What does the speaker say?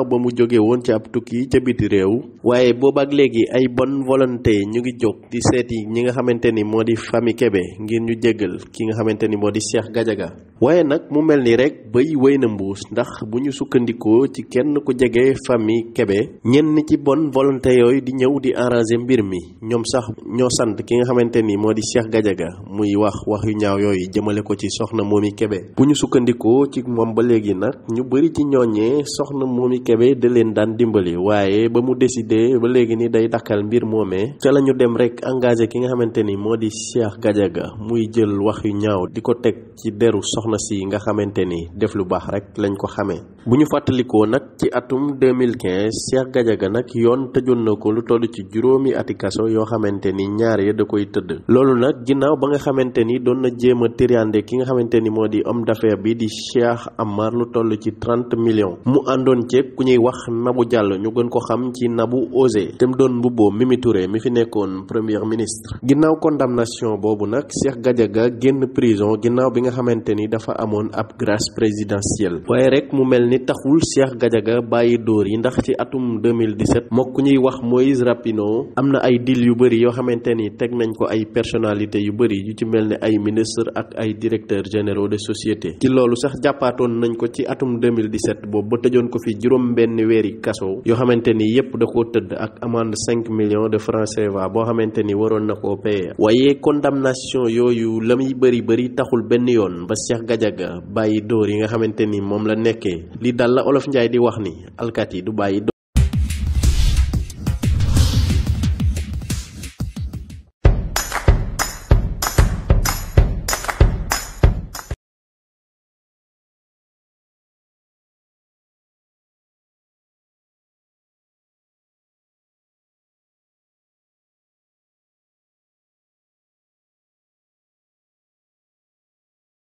ba mu jóge woon ci ab tukki ca biti réew waaye boobaak léegi ay bonne volonté ñu ngi jóg di seeti ñi nga xamante ni moo di famille kebe ngir ñu jéggal ki nga xamante ni moo di Cheikh gajaga waaye nag mu mel ni rek bëy wéy na mbuus ndax bu ñu sukkandikoo ci kenn ku jege famille Kébé ñenn ci bonne volonté yooyu di ñëw di arranger mbir mi ñoom sax ñoo sant ki nga xamante ni moo di Cheikh gajaga muy wax wax yu ñaaw yooyu jëmale ko ci soxna Momy kebe bu ñu sukkandikoo ci moom ba léegi nag ñu bëri ci ñooñee soxna Momy Kébé da leen daan dimbali waaye ba mu décidé ba léegi nii day dakkal mbir moomee ca la ñu dem rek engagé ki nga xamante ni moo di Cheikh gajaga muy jël wax yu ñaaw di ko teg ci deru soxna si nga xamante ni def lu baax rek lañ ko xamee. bu ñu fàttalikoo nag ci atum 2015 Cheikh Gadiaga nag yoon tëjoon na ko lu toll ci juróomi ati yoo xamante ni ñaar ya da koy tëdd loolu nag ginnaaw ba nga xamante ni doon na jéem a tiriande ki nga xamante ni moo di homme d'affaires bi di Cheikh Amar lu toll ci 30 millions képp ku ñuy wax Nabou Diallo ñu gën ko xam ci Nabou Osé te mu doon mbubboo Mimi Touré mi fi nekkoon premier ministre. ginnaaw condamnation boobu nag Cheikh Gadiaga génn prison ginnaaw bi nga xamante ni dafa amoon ab grâce présidentielle waaye rek mu mel ni taxul Cheikh Gadiaga bàyyi dóor yi ndax ci atum 2017 mook ku ñuy wax Moïse Rapino am na ay deal yu bëri yoo xamante ni teg nañ ko ay personnalité yu bëri yu ci mel ni ay ministre ak ay directeurs généraux de société ci loolu sax jàppaatoon nañ ko ci atum 2017 boobu ba juróom benn weeri kaso yoo xamante ni yépp da koo tëdd ak amende cinq millions de francs CFA boo xamante ni waroon na koo paye waaye condamnation yooyu la muy bëri bëri taxul benn yoon ba Cheikh Gadiaga bàyyi dóor yi nga xamante ni moom la nekkee li dal la Olof Njaay di wax ni alkaat yi du bàyyi